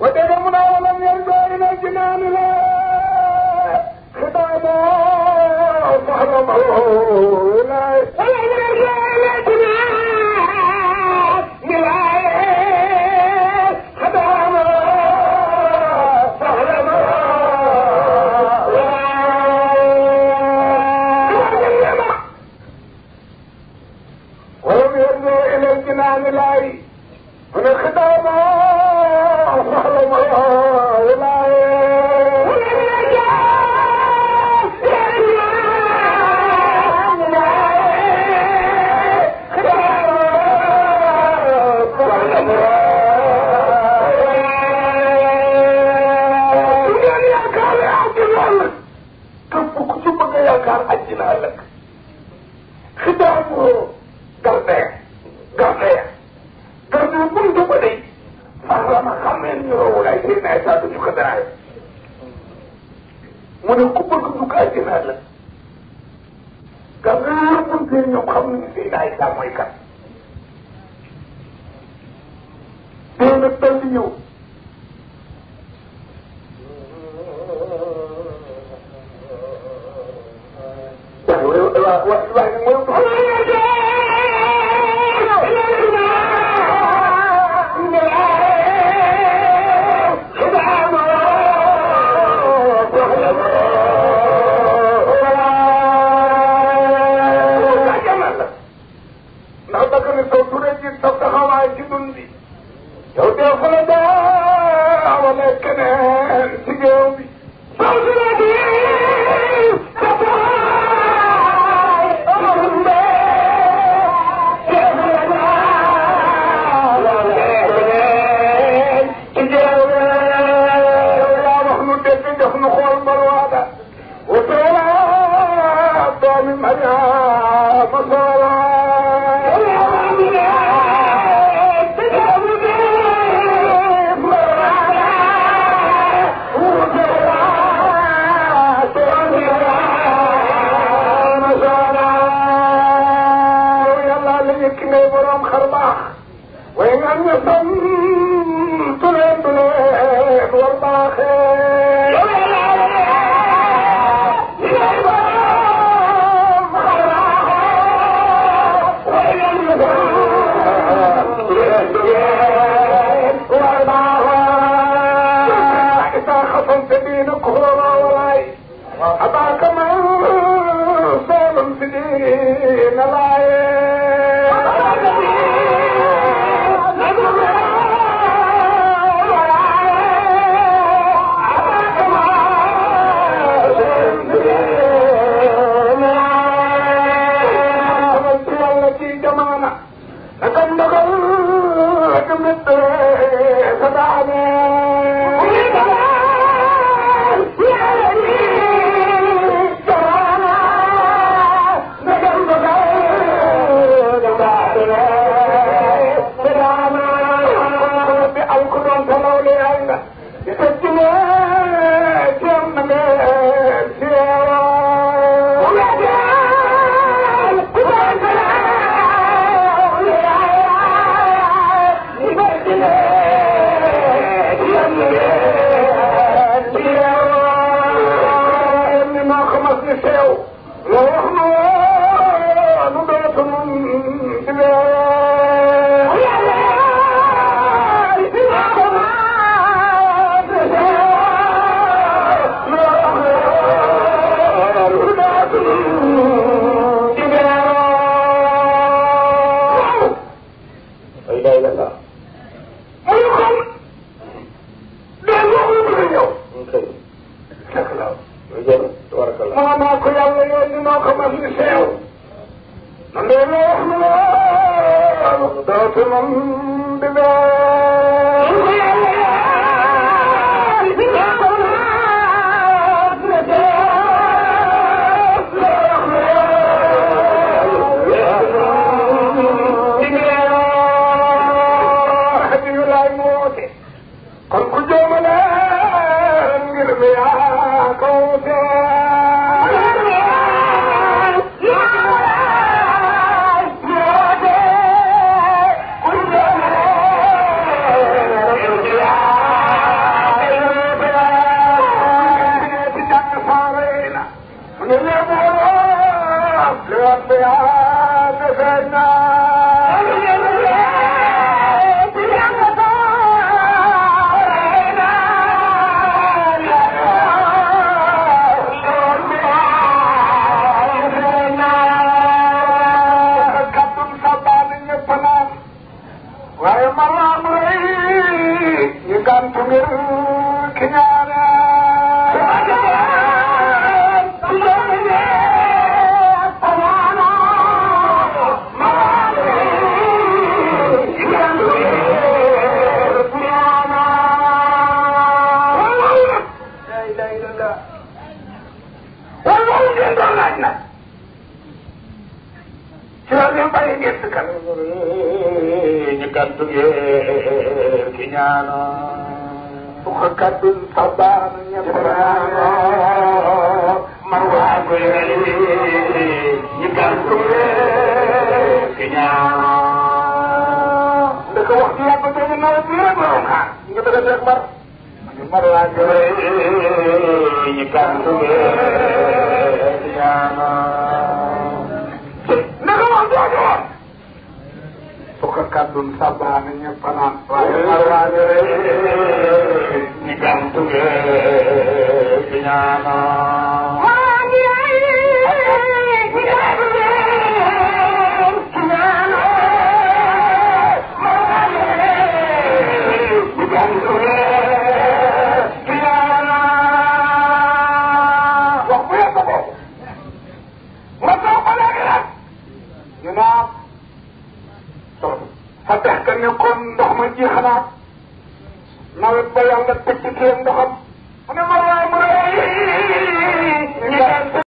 وتممنا ولم يرجع إلى جناننا خطابا ولم يرجع إلى ولم الجنان لا من خطابا पुकु कयल अचे कृपू चुप allah xamee ñoroo walaay seen ay saa duñu ko daraay mu ne ku bëgg dugg àjjana la dangaa buntee ñoom xam nañu seen ay saa mooy kan dee nag dal di ñëw waaye waaye waaye mooy I'm on that canal. كمي برام خرباخ وين أن يصم طلع طلع ورباخي ايو प्यार kat ñu kaddu ngeen ki ñaanoo. bu ko kaddu fa baax na ñëpp ñaanoo. man waa koy ngeen ñu kaddu ngeen ki ñaanoo. dëkk wax dëgg yàlla ba tey nawet bi rek la ah. nga bëgg a def mar. mar laa jëlee ñu kaddu ngeen ki ñaanoo. සුඛකද්දුන් සබ්බාමිය පරම්පරාය අරහතේ නිකම්තුගේ විඥානා fa tax ka nekkoon ma ji xanaa nawet ba yàlla teg ci ndoxam mu ne ma mu ne